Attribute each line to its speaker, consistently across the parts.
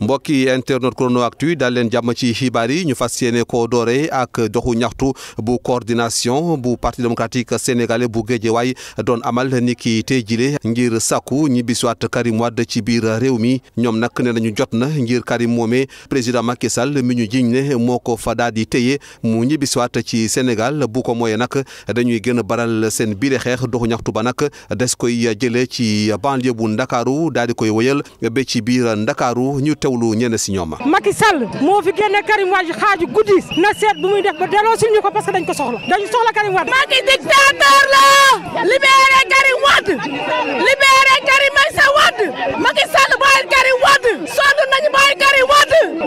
Speaker 1: mbokki internet chronoactu daal leen jàmm ci xibaar yi ñu fas yéene ko doore ak doxu ñaxtu bu coordination bu parti démocratique sénégalais bu Guédiawaye doon amal ni ki tey jile ngir sàkku ñibbi siwaat Karim Wade ci biir réew mi ñoom nag ne nañu jot na ngir Karim moome président Macky Sall mi ñu jiñ ne moo ko fa daal di téye mu ñibbi siwaat ci Sénégal bu ko mooyee nag dañuy gën a baral seen biir xeex doxu ñaxtu ba nag des koy jëlee ci banlieue bu Ndakaaru daal di koy wëyal teewlu ñenn si ñoom.
Speaker 2: Macky Sall moo fi génne Karim Wade xaaju guddi na seet bu muy def ba delloo suñu ko parce que ko soxla dañu soxla Karim Wade. Macky dictateur la libéré Karim Wade libéré Karim Meïssa Wade Macky Sall bàyyi Karim Wade sonn nañu bàyyi Karim Wade.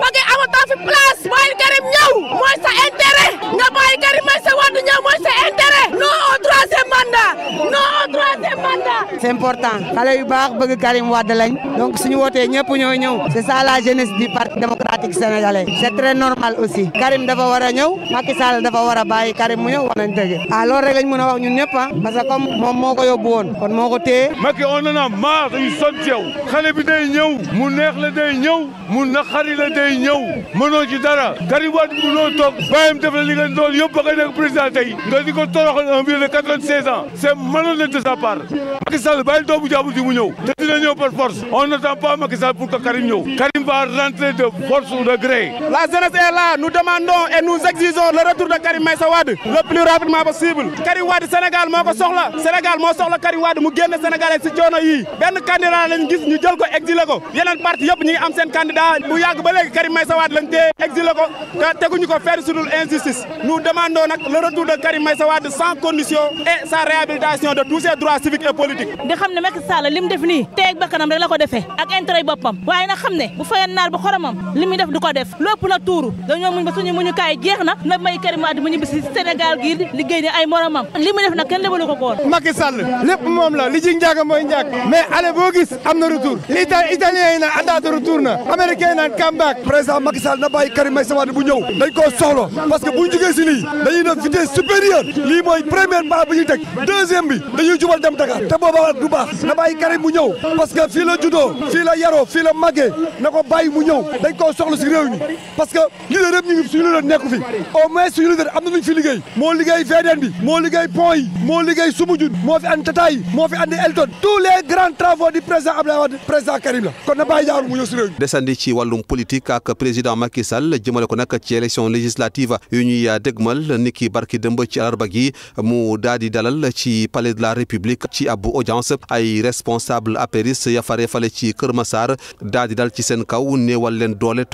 Speaker 2: c'est important xale yu baax bëgg Karim Wade lañ donc suñu wootee ñëpp ñoo ñëw c'est ça la jeunesse parti démocratique pratique sénégalais c'est très normal aussi Karim dafa war a ñëw Macky dafa war a Karim mu ñëw wax nañ dëgg ah loolu rek lañ mën a wax ñun ñëpp ah, parce que comme moom moo ko yóbbu woon kon moo ko téye Macky on en a marre dañu yow xale day ñëw mu neex la day ñëw mu naqari la day ñëw mënoo dara Karim Wade mënoo toog bàyyam def la li nga doon yëpp ba nga président tey nga di ko toroxal un vieux de 96 ans c'est malhonnête de sa par force sous degré. La jeunesse est là, nous demandons et nous exigeons le retour de Karim Meïssa Wade le plus rapidement moo ko soxla Sénégal moo soxla Karim Wade mu génn Sénégalais ci coono yii benn candidat lañ gis ñu jël ko exilé ko yeneen parti yëpp ñu am seen candidat bu yàgg ba léegi Karim Meïssa Wade lañ tee exilé ko te teguñu ko fenn su dul injustice. Nous demandons nag le retour de Karim Meïssa Wade sans condition et sa réhabilitation de tous ses ne ko defee ak intérêt boppam waaye nag xam ne bu fayoon
Speaker 1: naar bu xoromam def di ko def lépp la tuuru dañoo muñ ba suñu muñu kaay jeex na na may Karim Wade mu ñibbi si Sénégal gii liggéey ni ay moromam li mu def nag kenn defalu ko koon Macky Sall lépp moom la
Speaker 2: li ci njàgg mooy njàgg mais allez am na retour li italien yi na américain yi naan comeback président Macky Sall na bàyyi Karim Meïssa Wade bu ñëw dañ koo soxla parce que bu ñu jógee si lii dañuy def vitesse supérieure lii mooy première pas bu teg deuxième bi dañuy jubal soxla si réew ñi parce que leader ngi suñu leader nekku fi au moins suñu leader am fi liggéey moo liggéey VDN bi moo liggéey pont yi moo liggéey Soumbédioune moo fi andi Tata yi moo fi andi Elton tous les grands travaux du président Abdoulaye Wade président Karim la kon na bàyyi jaaru mu ñëw si réew
Speaker 1: ñi desandi ci wàllum politique ak président Macky Sall jëmale ko nag ci élection législative yu ñuy dégmal ni ki barki dëmb ci alarba gi mu daal di dalal ci palais de la république ci ab audience ay responsable apéris ya ci Kër Massar daal di dal ci seen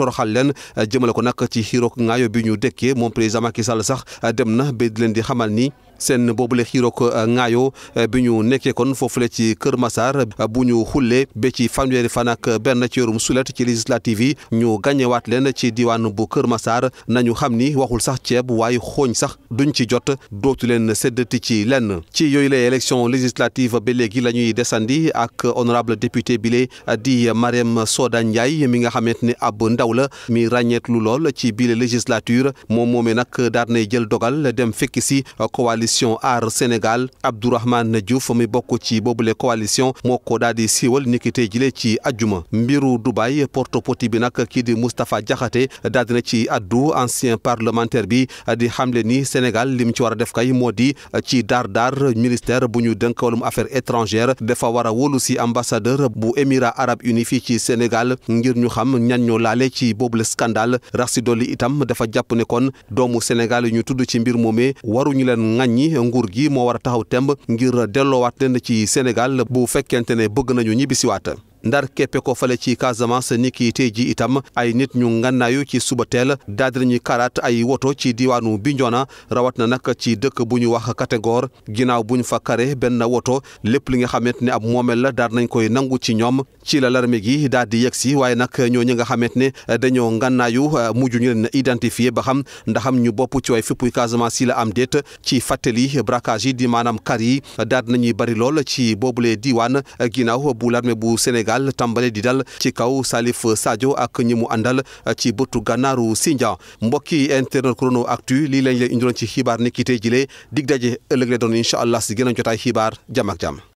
Speaker 1: toroxal leen jëmale ko nag ci xiroog ngaayo bi ñu dëkkee moom président Macky Sall sax dem na ba di leen di xamal ni seen boobule xiiroog euh, ŋaayoo euh, bi ñu nekkee kon foofu foofule ci Kër Massar euh, bu ñu xullee ba ci fanweeri fan ak benn ci yorum sulet ci législative yi ñu gàññewaat leen ci diwaan bu Kër Massar nañu xam ni waxul sax ceeb waaye xooñ sax duñ ci jot dootu leen séddati ci lenn ci yooyu la élection législative ba léegi la ñuy desandi ak honorable député bile di Marème Soda Ndiaye mi nga xamante ni ab ndaw la mi ràññeetlu lool ci bile législature moom moomee nag daal nay jël dogal coalition aar Sénégal Abdourahmane Diouf mi bokk ci boobule coalition moo ko daal di siiwal niki tey jile ci ajjuma mbiru Dubaï porte poti bi nag kii di Moustapha Diakhaté daal dina ci addu ancien parlementaire bi di xamle ni Sénégal lim ci war a def kay moo di ci daar daar ministère bu ñu dënk wàllum affaires étrangères dafa war a wóolu si ambassadeur bu Émirats arabes unis fii ci senegal ngir ñu xam ñan ñoo laale ci boobule scandale rax dolli itam dafa jàpp ne kon doomu Sénégal ñu tudd ñi nguur gi moo war a taxaw temb ngir delloowaat leen ci Sénégal bu fekkente ne bëgg nañu ñibbisiwaat ndar keppe ko fale ci Casamance ni kii tey ji itam ay nit ñu ngannaayu ci suba teel daal di nañuy karaat ay woto ci diwaanu Bignona rawat na nag ci dëkk bu ñu wax catégorie ginnaaw bu ñu fa kare benn woto lépp li nga xamante ne ab moomeel la daal nañ koy nangu ci ñoom ci la larme gi daal di yegsi si waaye nag ñooñu nga xamante ne dañoo ngannaayu mujj ñu leen identifier ba xam ndaxam ñu bopp ci way fippuy Casamance yi la am déet ci fàttali braquage yi di maanaam kar yi daal nañuy bari lool ci boobule diwaan ginnaaw bu larme bu Sénégal Sénégal tàmbale di dal ci kaw Salif Sadio ak ñi mu àndal ci bëtu gànnaaru Sindia mbokki internet chrono actu lii lañ leen ci xibaar ni ki tey jile dig daje ëllëg la doon incha allah si gën a jotaay xibaar jàmm ak